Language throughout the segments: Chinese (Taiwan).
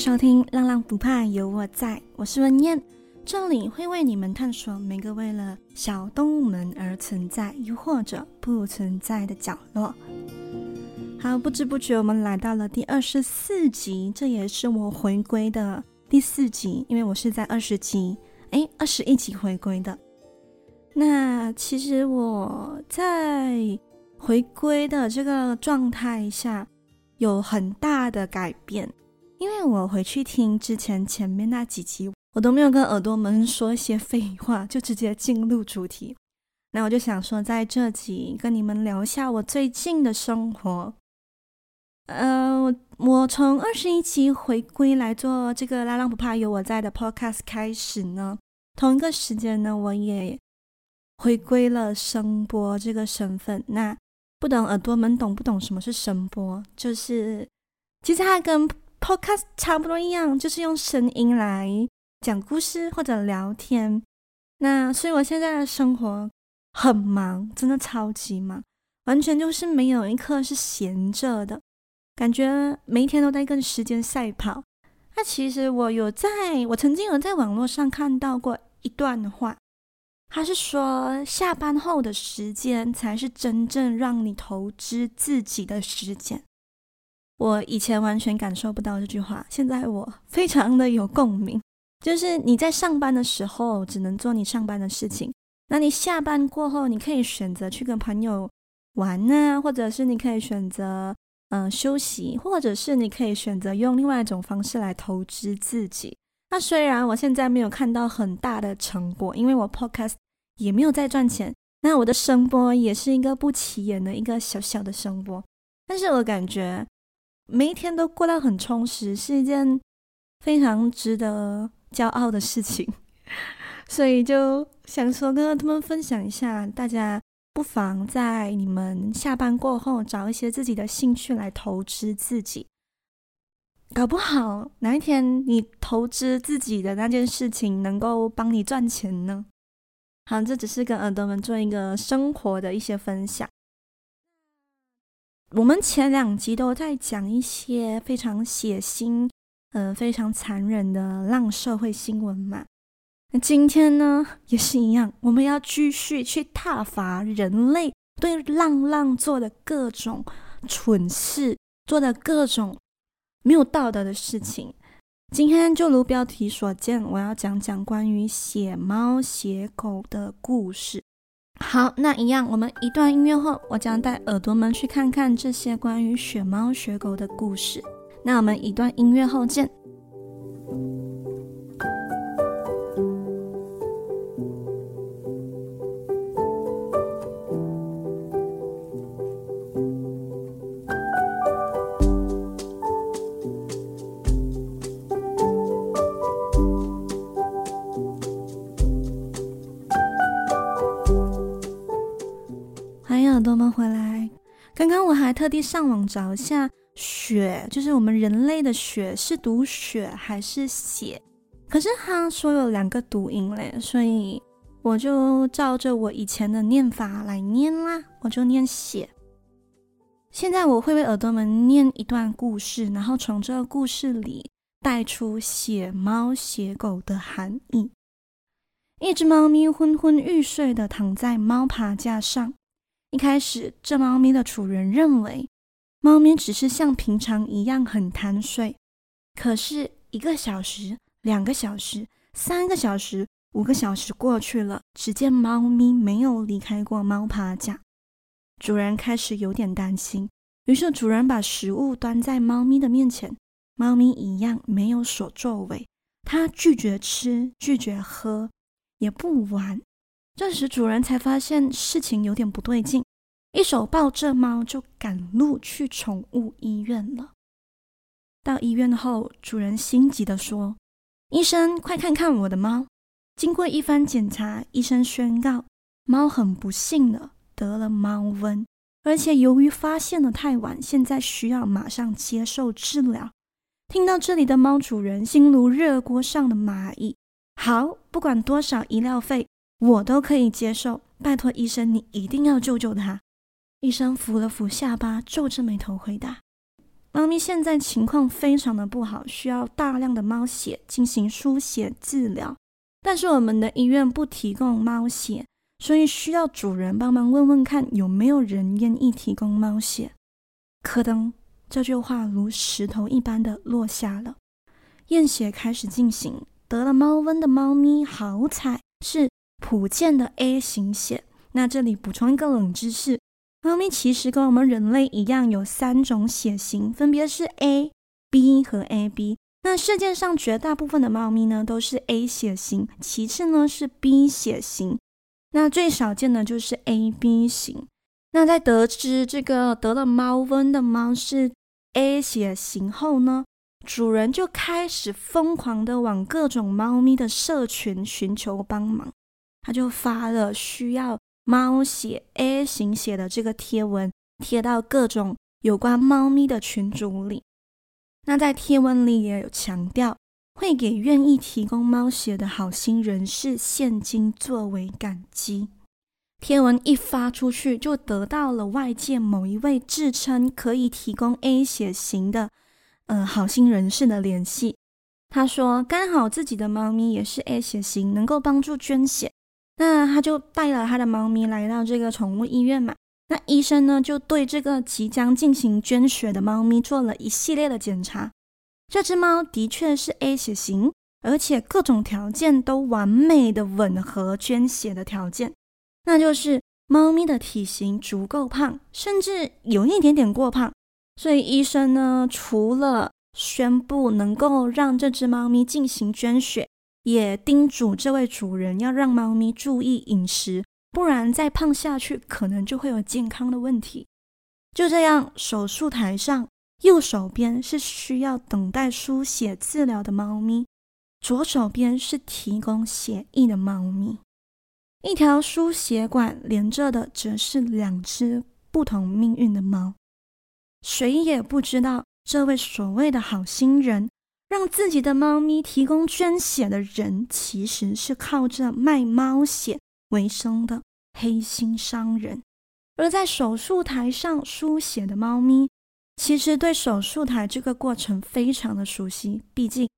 收聽浪浪不怕有我在，我是文燕，這裡會為你們探索每個為了小動物們而存在，又或者不存在的角落。好，不知不覺我們來到了第二十四集，這也是我回歸的第四集，因為我是在二十集，哎，二十一集回歸的。那其實我在回歸的這個狀態下，有很大的改變。因為我回去聽之前前面那幾集，我都沒有跟耳朵們說一些廢話，就直接進入主題。那我就想說，在這集跟你們聊一下我最近的生活。呃，我從二十一集回歸來做這個“浪浪不怕有我在”的 Podcast 開始呢。同一個時間呢，我也回歸了聲波這個身份。那不懂耳朵們懂不懂什麼是聲波？就是，其實它跟 Podcast 差不多一樣，就是用聲音來講故事或者聊天。那，所以我現在的生活很忙，真的超級忙，完全就是沒有一刻是閒着的，感覺每一天都在跟時間賽跑。那其實我有在，我曾經有在網絡上看到過一段話，他是說下班後的時間才是真正讓你投資自己的時間。我以前完全感受不到這句話，現在我非常的有共鳴。就是你在上班的時候，只能做你上班的事情。那你下班過後，你可以選擇去跟朋友玩吶、啊，或者是你可以選擇嗯、呃、休息，或者是你可以選擇用另外一種方式來投資自己。那雖然我現在沒有看到很大的成果，因為我 podcast 也沒有在賺錢，那我的聲波也是一個不起眼的一個小小的聲波，但是我感覺每一天都過得很充實，是一件非常值得驕傲的事情。 所以就想說跟他們分享一下，大家不妨在你們下班過後找一些自己的興趣來投資自己，搞不好哪一天你投資自己的那件事情能夠幫你賺錢呢？好，這只是跟耳朵們做一個生活的一些分享。我們前兩集都在講一些非常血腥、呃非常殘忍的浪社會新聞嘛，那今天呢也是一樣，我們要繼續去撻伐人類對浪浪做的各種蠢事，做的各種沒有道德的事情。今天就如標題所見，我要講講關於血貓血狗的故事。好，那一樣，我們一段音樂後，我將帶耳朵們去看看這些關於血貓血狗的故事。那我們一段音樂後見。還特地上網找一下“血，就是我們人類的血是讀“血還是“血，可是他說有兩個讀音嘞，所以我就照着我以前的念法來念啦，我就念“血。現在我會為耳朵們念一段故事，然後從這個故事裡帶出“血貓血狗”的含義。一只貓咪昏昏欲睡的躺在貓爬架上。一開始，這貓咪的主人認為，貓咪只是像平常一樣很貪睡。可是，一個小時、兩個小時、三個小時、五個小時過去了，只見貓咪沒有離開過貓爬架。主人開始有點擔心，於是主人把食物端在貓咪的面前，貓咪一樣沒有所作為。它拒絕吃，拒絕喝，也不玩。這時，主人才發現事情有點不對勁。一手抱着貓就趕路去寵物醫院了。到醫院後，主人心急地說：“醫生，快看看我的貓！”經過一番檢查，醫生宣告：貓很不幸地得了貓瘟，而且由於發現的太晚，現在需要馬上接受治療。聽到這裡的貓主人，心如熱鍋上的螞蟻。好，不管多少醫療費，我都可以接受。拜托醫生，你一定要救救它！醫生扶了扶下巴，皺着眉頭回答：“貓咪現在情況非常的不好，需要大量的貓血進行輸血治療。但是我們的醫院不提供貓血，所以需要主人幫忙問問看有沒有人願意提供貓血。”咯噔，這句話如石頭一般的落下了。驗血開始進行，得了貓瘟的貓咪好彩是普遍的 A 型血。那這裡補充一個冷知識。貓咪其實跟我們人類一樣，有三種血型，分別是 A、B 和 AB。那世界上絕大部分的貓咪呢，都是 A 血型，其次呢是 B 血型，那最少見的就是 AB 型。那在得知這個得了貓瘟的貓是 A 血型後呢，主人就開始瘋狂的往各種貓咪的社群尋求幫忙，他就發了需要。貓血 A 型血的這個貼文貼到各種有關貓咪的群組裡，那在貼文裡也有強調會給願意提供貓血的好心人士現金作為感激。貼文一發出去，就得到了外界某一位自稱可以提供 A 血型的，呃，好心人士的聯繫。他說，剛好自己的貓咪也是 A 血型，能夠幫助捐血。那他就帶了他的貓咪來到這個寵物醫院嘛。那醫生呢，就對這個即將進行捐血的貓咪做了一系列的檢查。這隻貓的確是 A 血型，而且各種條件都完美的吻合捐血的條件。那就是貓咪的體型足夠胖，甚至有一點點過胖。所以醫生呢，除了宣布能夠讓這隻貓咪進行捐血。也叮囑這位主人要讓貓咪注意飲食，不然再胖下去，可能就會有健康的問題。就這樣，手術台上，右手邊是需要等待輸血治療的貓咪，左手邊是提供血液的貓咪。一條輸血管連着的，則是兩隻不同命運的貓。誰也不知道這位所謂的好心人。讓自己的貓咪提供捐血的人，其實是靠着賣貓血為生的黑心商人。而在手術台上輸血的貓咪，其實對手術台這個過程非常的熟悉，畢竟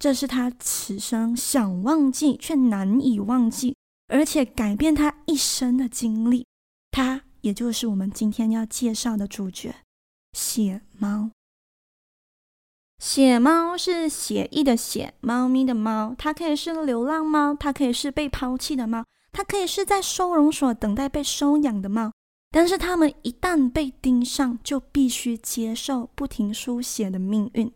這是他此生想忘記卻難以忘記，而且改變他一生的經歷。他也就是我們今天要介紹的主角——血貓。血貓是血液的血，貓咪的貓，它可以是流浪貓，它可以是被拋棄的貓，它可以是在收容所等待被收養的貓。但是它們一旦被盯上，就必須接受不停輸血的命運。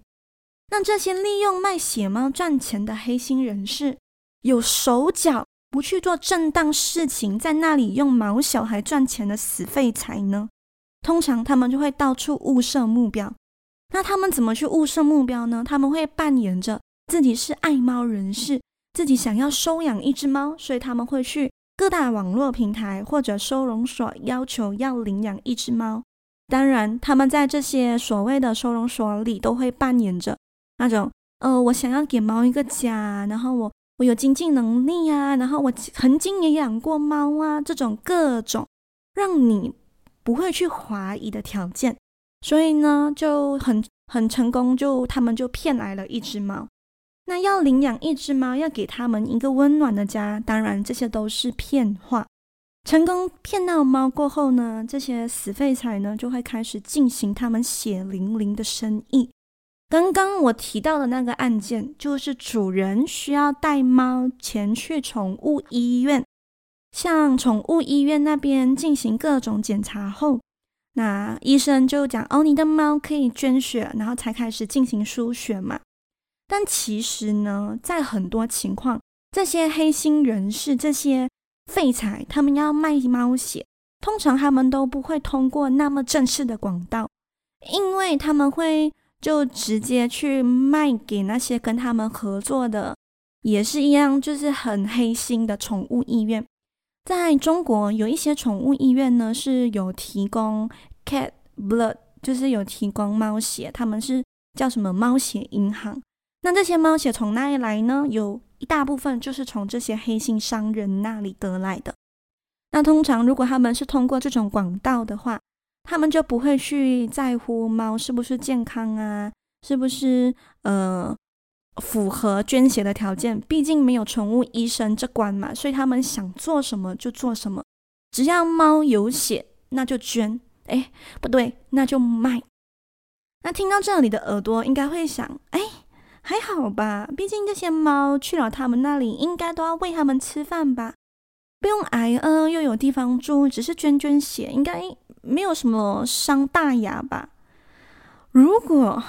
那這些利用賣血貓賺錢的黑心人士，有手腳不去做正當事情，在那裡用毛小孩賺錢的死廢材呢？通常他們就會到處物色目標。那他們怎麼去物色目標呢？他們會扮演着自己是愛貓人士，自己想要收養一只貓，所以他們會去各大網絡平台或者收容所要求要領養一只貓。當然，他們在這些所謂的收容所裡都會扮演着那種呃，我想要給貓一個家，然後我我有經濟能力啊，然後我曾經也養過貓啊，這種各種讓你不會去懷疑的條件。所以呢，就很很成功就，就他們就騙來了一隻貓。那要領養一隻貓，要給他們一個溫暖的家，當然這些都是騙話。成功騙到貓過後呢，這些死廢柴呢就會開始進行他們血淋淋的生意。剛剛我提到的那個案件，就是主人需要帶貓前去寵物醫院，向寵物醫院那邊進行各種檢查後。那醫生就講，哦，你的貓可以捐血，然後才開始進行輸血嘛。但其實呢，在很多情況，這些黑心人士、這些廢材，他們要賣貓血，通常他們都不會通過那麼正式的管道，因為他們會就直接去賣給那些跟他們合作的，也是一樣，就是很黑心的寵物醫院。在中國，有一些寵物醫院呢是有提供 cat blood，就是有提供貓血，他們是叫什麼貓血銀行？那這些貓血從哪裡來呢？有一大部分就是從這些黑心商人那裡得來的。那通常如果他們是通過這種管道的話，他們就不會去在乎貓是不是健康啊，是不是呃。符合捐血的條件，畢竟沒有寵物醫生這關嘛，所以他們想做什麼就做什麼。只要貓有血，那就捐。哎，不對，那就賣。那聽到這裡的耳朵應該會想：哎，還好吧，畢竟這些貓去了他們那裡，應該都要餵他們吃飯吧，不用挨餓，又有地方住，只是捐捐血，應該沒有什麼傷大雅吧？如果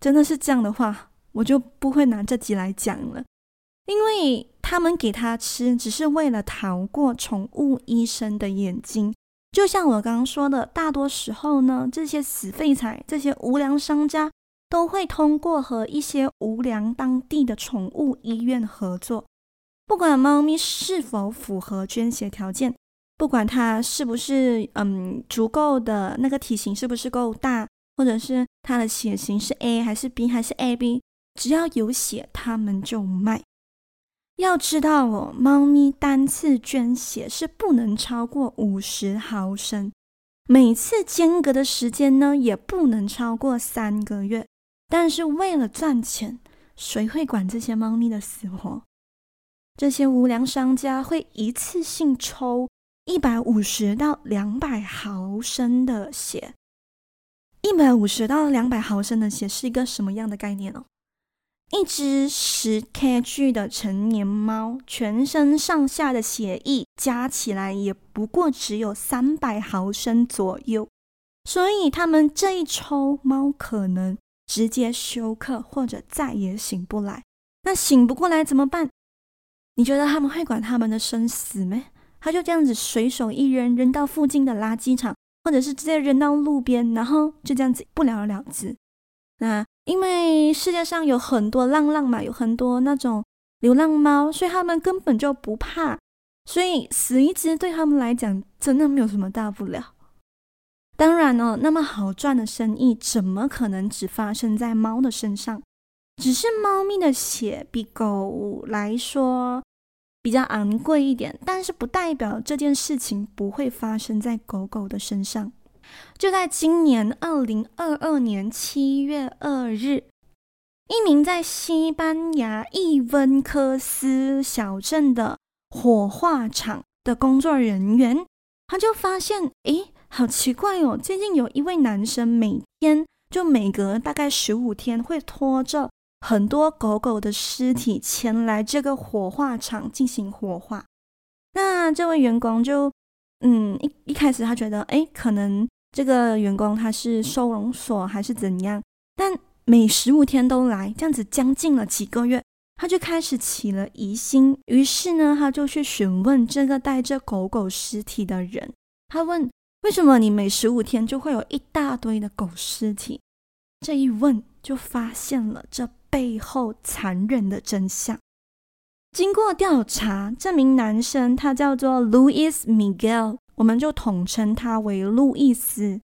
真的是這樣的話，我就不會拿這集來講了，因為他們給他吃只是為了逃過寵物醫生的眼睛。就像我剛剛說的，大多時候呢，這些死廢材、這些無良商家都會通過和一些無良當地的寵物醫院合作，不管貓咪是否符合捐血條件，不管它是不是嗯足夠的那個體型是不是夠大，或者是它的血型是 A 還是 B 還是 AB。只要有血，他們就賣。要知道哦，貓咪單次捐血是不能超過五十毫升，每次間隔的時間呢，也不能超過三個月。但是為了賺錢，誰會管這些貓咪的死活？這些無良商家會一次性抽一百五十到兩百毫升的血。一百五十到兩百毫升的血是一個什麼樣的概念呢、哦？一隻十 kg 的成年貓，全身上下的血液加起來也不過只有三百毫升左右，所以他們這一抽，貓可能直接休克，或者再也醒不來。那醒不過來怎麼辦？你覺得他們會管他們的生死咩？他就這樣子隨手一扔，扔到附近的垃圾場，或者是直接扔到路邊，然後就這樣子不了了之。那。因為世界上有很多浪浪嘛，有很多那種流浪貓，所以他們根本就不怕，所以死一隻對他們來講真的沒有什麼大不了。當然了哦，那麼好賺的生意怎麼可能只發生在貓的身上？只是貓咪的血比狗來說比較昂貴一點，但是不代表這件事情不會發生在狗狗的身上。就在今年二零二二年七月二日，一名在西班牙伊溫科斯小鎮的火化場的工作人員，他就發現，誒，好奇怪哦，最近有一位男生每天就每隔大概十五天會拖着很多狗狗的屍體前來這個火化場進行火化。那這位員工就，嗯，一一開始他覺得，誒，可能。這個員工他是收容所還是怎樣？但每十五天都來，這樣子將近了幾個月，他就開始起了疑心。於是呢，他就去詢問這個帶着狗狗屍體的人。他問：為什麼你每十五天就會有一大堆的狗屍體？這一問就發現了這背後殘忍的真相。經過調查，這名男生他叫做 Luis Miguel。我們就統稱它為路易斯。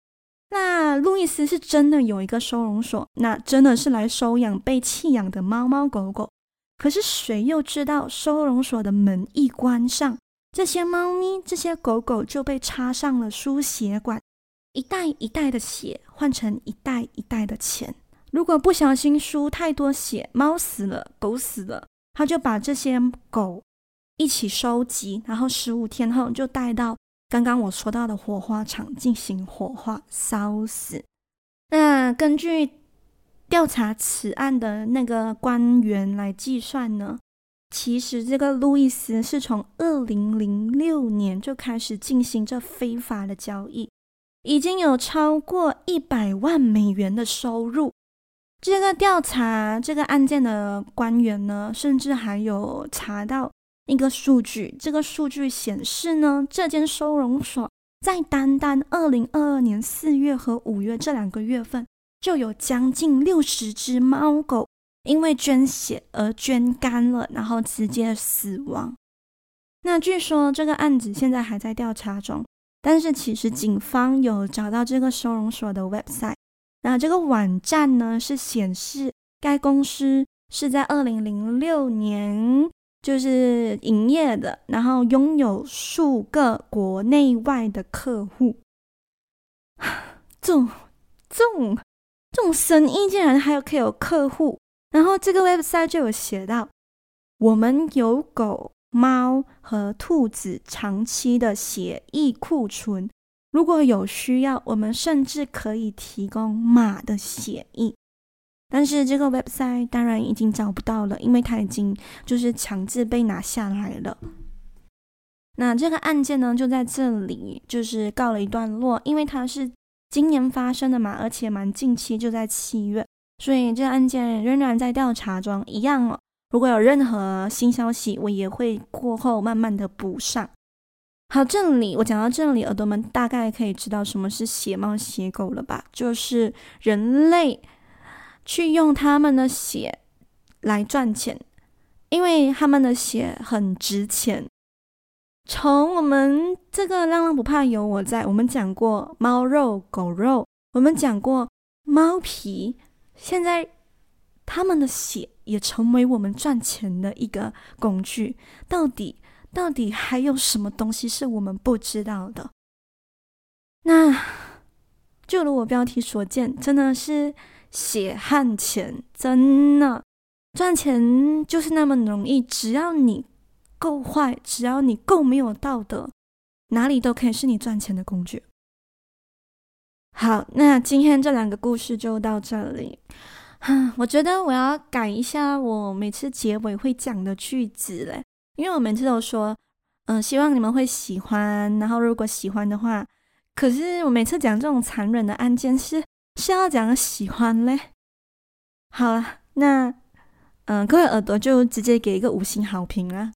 那路易斯是真的有一個收容所，那真的是來收養被棄養的貓貓狗狗。可是誰又知道，收容所的門一關上，這些貓咪、這些狗狗就被插上了輸血管，一袋一袋的血換成一袋一袋的錢。如果不小心輸太多血，貓死了，狗死了，他就把這些狗一起收集，然後十五天後就帶到。剛剛我說到的火化場進行火化燒死。那根據調查此案的那個官員來計算呢，其實這個路易斯是從二零零六年就開始進行這非法的交易，已經有超過一百萬美元的收入。這個調查這個案件的官員呢，甚至還有查到。一個數據，這個數據顯示呢，這間收容所在單單二零二二年四月和五月這兩個月份，就有將近六十隻貓狗因為捐血而捐肝了，然後直接死亡。那據說這個案子現在還在調查中，但是其實警方有找到這個收容所的 website。那這個網站呢，是顯示該公司是在二零零六年。就是營業的，然後擁有數個國內外的客戶，這、啊、這、這種生意竟然還有可以有客戶。然後這個 website 就有寫到，我們有狗、貓和兔子長期的血液庫存，如果有需要，我們甚至可以提供馬的血液。但是這個 website 當然已經找不到了，因為它已經就是強制被拿下來了。那這個案件呢，就在這裡就是告了一段落，因為它是今年發生的嘛，而且蠻近期，就在七月，所以這個案件仍然在調查中，一樣哦。如果有任何新消息，我也會過後慢慢的補上。好，這裡我講到這裡，耳朵們大概可以知道什麼是血貓血狗了吧？就是人類。去用他們的血來賺錢，因為他們的血很值錢。從我們這個“浪浪不怕有我在”，我們講過貓肉、狗肉，我們講過貓皮，現在他們的血也成為我們賺錢的一個工具。到底，到底還有什麼東西是我們不知道的？那，就如我標題所見，真的是。血汗錢，真的賺錢就是那麼容易。只要你夠壞，只要你夠沒有道德，哪裡都可以是你賺錢的工具。好，那今天這兩個故事就到這裡。我覺得我要改一下我每次結尾會講的句子嘞，因為我每次都說，嗯、呃，希望你們會喜歡。然後如果喜歡的話，可是我每次講這種殘忍的案件是。是要講個喜歡嘞？好了，那嗯、呃，各位耳朵就直接給一個五星好評啦，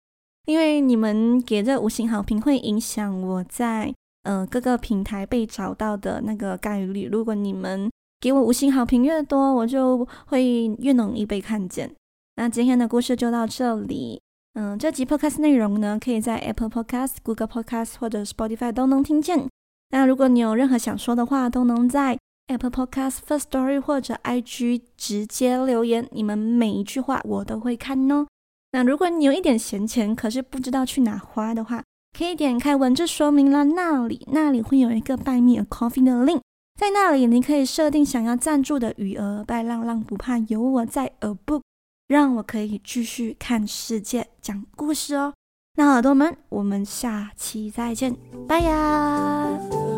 因為你們給這五星好評會影響我在呃各個平台被找到的那個概率。如果你們給我五星好評越多，我就會越容易被看見。那今天的故事就到這裡，嗯、呃，這集 podcast 內容呢，可以在 Apple Podcast、Google Podcast 或者 Spotify 都能聽見。那如果你有任何想說的話，都能在。Apple Podcasts First Story 或者 IG 直接留言，你們每一句話我都會看哦。那如果你有一點閒錢，可是不知道去哪花的話，可以點開文字說明啦，那裡那裡會有一個 Buy Me a Coffee 的 link，在那裡你可以設定想要贊助的餘額。拜浪浪不怕有我在，A Book 讓我可以繼續看世界、講故事哦。那耳朵們，我們下期再見，拜呀！